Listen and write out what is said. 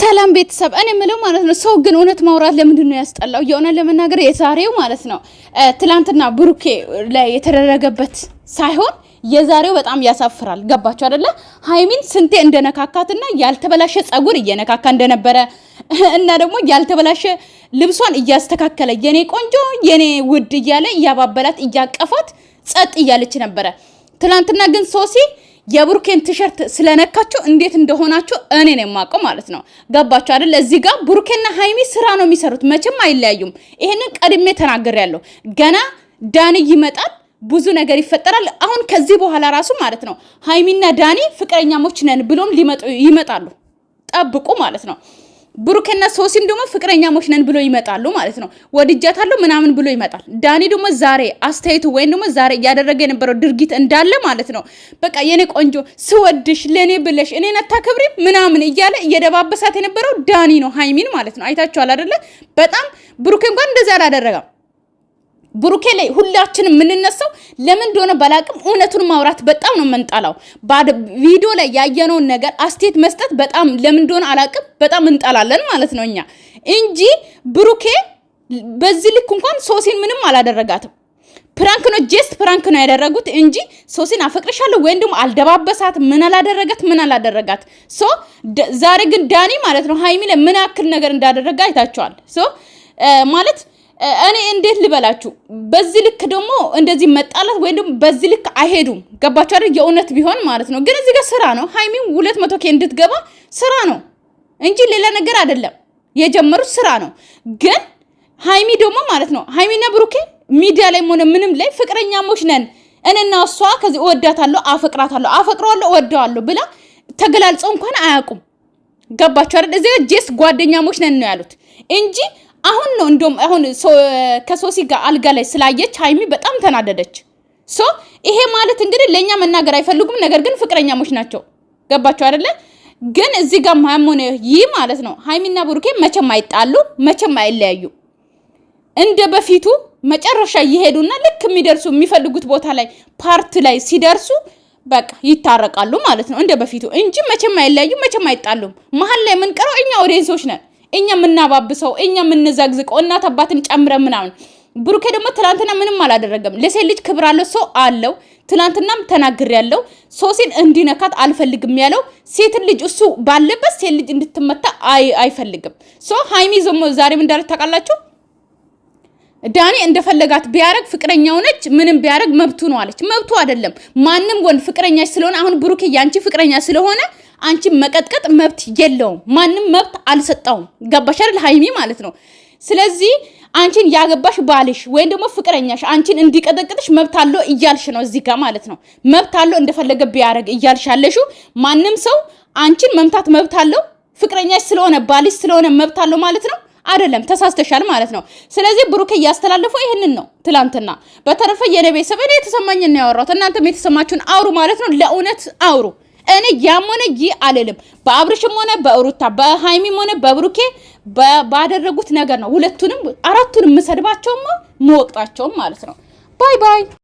ሰላም ቤተሰብ፣ እኔ የምለው ማለት ነው ሰው ግን እውነት ማውራት ለምንድን ነው ያስጠላው? የሆነ ለመናገር የዛሬው ማለት ነው ትላንትና ብሩኬ ላይ የተደረገበት ሳይሆን የዛሬው በጣም ያሳፍራል። ገባችሁ አይደለ? ሀይሚን ስንቴ እንደነካካትና ያልተበላሸ ጸጉር እየነካካ እንደነበረ እና ደግሞ ያልተበላሸ ልብሷን እያስተካከለ የኔ ቆንጆ የኔ ውድ እያለ እያባበላት እያቀፋት ጸጥ እያለች ነበረ። ትላንትና ግን ሶሲ የብሩኬን ቲሸርት ስለነካችሁ እንዴት እንደሆናችሁ እኔ ነው የማውቀው ማለት ነው። ገባችሁ አይደል? እዚህ ጋር ብሩኬና ሀይሚ ስራ ነው የሚሰሩት፣ መቼም አይለያዩም። ይሄንን ቀድሜ ያለው ገና ዳኒ ይመጣል ብዙ ነገር ይፈጠራል። አሁን ከዚህ በኋላ ራሱ ማለት ነው ሀይሚና ዳኒ ፍቅረኛሞች ነን ብሎም ሊመጡ ይመጣሉ። ጠብቁ ማለት ነው። ብሩክና ሶሲም ደግሞ ፍቅረኛ ነን ብሎ ይመጣሉ ማለት ነው። ወድጃታለሁ ምናምን ብሎ ይመጣል። ዳኒ ደግሞ ዛሬ አስተያየቱ ወይም ደግሞ ዛሬ እያደረገ የነበረው ድርጊት እንዳለ ማለት ነው። በቃ የኔ ቆንጆ ስወድሽ ለእኔ ብለሽ እኔን አታከብሪ ምናምን እያለ እየደባበሳት የነበረው ዳኒ ነው ሀይሚን ማለት ነው። አይታችኋል አይደለ? በጣም ብሩክ እንኳን እንደዚህ አላደረገም። ብሩኬ ላይ ሁላችን የምንነሳው ለምን እንደሆነ ባላቅም እውነቱን ማውራት በጣም ነው የምንጠላው። ቪዲዮ ላይ ያየነውን ነገር አስቴት መስጠት በጣም ለምን እንደሆነ አላቅም፣ በጣም እንጠላለን ማለት ነው እኛ እንጂ ብሩኬ በዚህ ልክ እንኳን ሶሲን ምንም አላደረጋትም። ፕራንክ ነው ጀስት ፕራንክ ነው ያደረጉት እንጂ ሶሲን አፈቅርሻለሁ ወይም ደግሞ አልደባበሳት ምን አላደረጋት ምን አላደረጋት። ሶ ዛሬ ግን ዳኒ ማለት ነው ሃይሚ ላይ ምን ያክል ነገር እንዳደረገ አይታቸዋል። ሶ ማለት እኔ እንዴት ልበላችሁ፣ በዚህ ልክ ደግሞ እንደዚህ መጣላት ወይም ደግሞ በዚህ ልክ አይሄዱም። ገባችሁ አይደል? የእውነት ቢሆን ማለት ነው። ግን እዚህ ጋር ስራ ነው። ሃይሚም ሁለት መቶ ኬ እንድትገባ ስራ ነው እንጂ ሌላ ነገር አይደለም። የጀመሩት ስራ ነው። ግን ሀይሚ ደግሞ ማለት ነው ሃይሚና ብሩኬ ሚዲያ ላይ ሆነ ምንም ላይ ፍቅረኛሞች ነን እኔና እሷ ከዚህ እወዳታለሁ፣ አፈቅራታለሁ፣ አፈቅረዋለሁ፣ እወደዋለሁ ብላ ተገላልጸው እንኳን አያውቁም። ገባችሁ አይደል? እዚህ ጄስ ጓደኛሞች ነን ነው ያሉት እንጂ አሁን ነው እንደውም አሁን ከሶሲ ጋር አልጋ ላይ ስላየች ሀይሚ በጣም ተናደደች። ሶ ይሄ ማለት እንግዲህ ለእኛ መናገር አይፈልጉም፣ ነገር ግን ፍቅረኛሞች ናቸው። ገባቸው አይደለ? ግን እዚህ ጋር ሆነ ይህ ማለት ነው ሀይሚና ብሩኬ መቼም አይጣሉ፣ መቼም አይለያዩ። እንደ በፊቱ መጨረሻ እየሄዱና ልክ የሚደርሱ የሚፈልጉት ቦታ ላይ ፓርት ላይ ሲደርሱ በቃ ይታረቃሉ ማለት ነው እንደ በፊቱ እንጂ መቼም አይለያዩ፣ መቼም አይጣሉም። መሀል ላይ የምንቀረው እኛ ኦዲየንሶች ነን። እኛ የምናባብሰው እኛ የምንዘግዝቀው እናት አባትን ጨምረ ምናምን። ብሩኬ ደግሞ ትናንትና ምንም አላደረገም። ለሴት ልጅ ክብር አለው ሰው አለው። ትናንትናም ተናግር ያለው ሶሲን እንዲነካት አልፈልግም ያለው ሴትን ልጅ እሱ ባለበት ሴት ልጅ እንድትመታ አይፈልግም። ሶ ሀይሚ ዘሞ ዛሬም እንዳለች ታውቃላችሁ ዳኒ እንደፈለጋት ቢያረግ ፍቅረኛው ነች፣ ምንም ቢያረግ መብቱ ነው አለች። መብቱ አይደለም ማንም ወንድ ፍቅረኛች ስለሆነ አሁን ብሩኬ ያንቺ ፍቅረኛ ስለሆነ አንቺን መቀጥቀጥ መብት የለውም። ማንም መብት አልሰጠውም። ገባሽ አይደል ሀይሚ ማለት ነው። ስለዚህ አንቺን ያገባሽ ባልሽ ወይም ደግሞ ፍቅረኛሽ አንቺን እንዲቀጠቅጥሽ መብት አለው እያልሽ ነው እዚህ ጋር ማለት ነው። መብት አለው እንደፈለገ ቢያደርግ እያልሽ ያለሽው ማንም ሰው አንቺን መምታት መብት አለው ፍቅረኛሽ ስለሆነ ባልሽ ስለሆነ መብት አለው ማለት ነው። አይደለም ተሳስተሻል ማለት ነው። ስለዚህ ብሩኬ እያስተላለፈው ይህንን ነው። ትላንትና በተረፈ የኔ ቤተሰብ እኔ የተሰማኝን ነው ያወራሁት። እናንተም የተሰማችሁን አውሩ ማለት ነው። ለእውነት አውሩ። እኔ ያም ሆነ ይ አልልም። በአብርሽም ሆነ በሩታ በሃይሚም ሆነ በብሩኬ ባደረጉት ነገር ነው ሁለቱንም አራቱንም የምሰድባቸውም መወቅጣቸውም ማለት ነው። ባይ ባይ